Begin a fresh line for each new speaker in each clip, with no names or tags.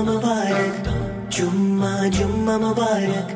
Mubarak Jumma Jumma Mubarak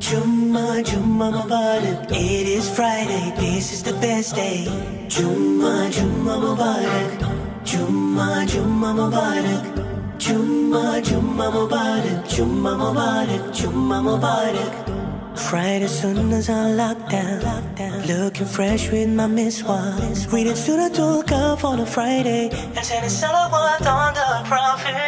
Jumma Jumma Mubarak It is Friday, this is the best day Jumma Jumma Mubarak Jumma Jumma Mubarak Jumma Jumma Mubarak Jumma Mubarak Jumma Mubarak Friday soon as I locked down, lock down Looking fresh with my miswah Reading Surah
Al-Kahf on a Friday And saying Salawat on the Prophet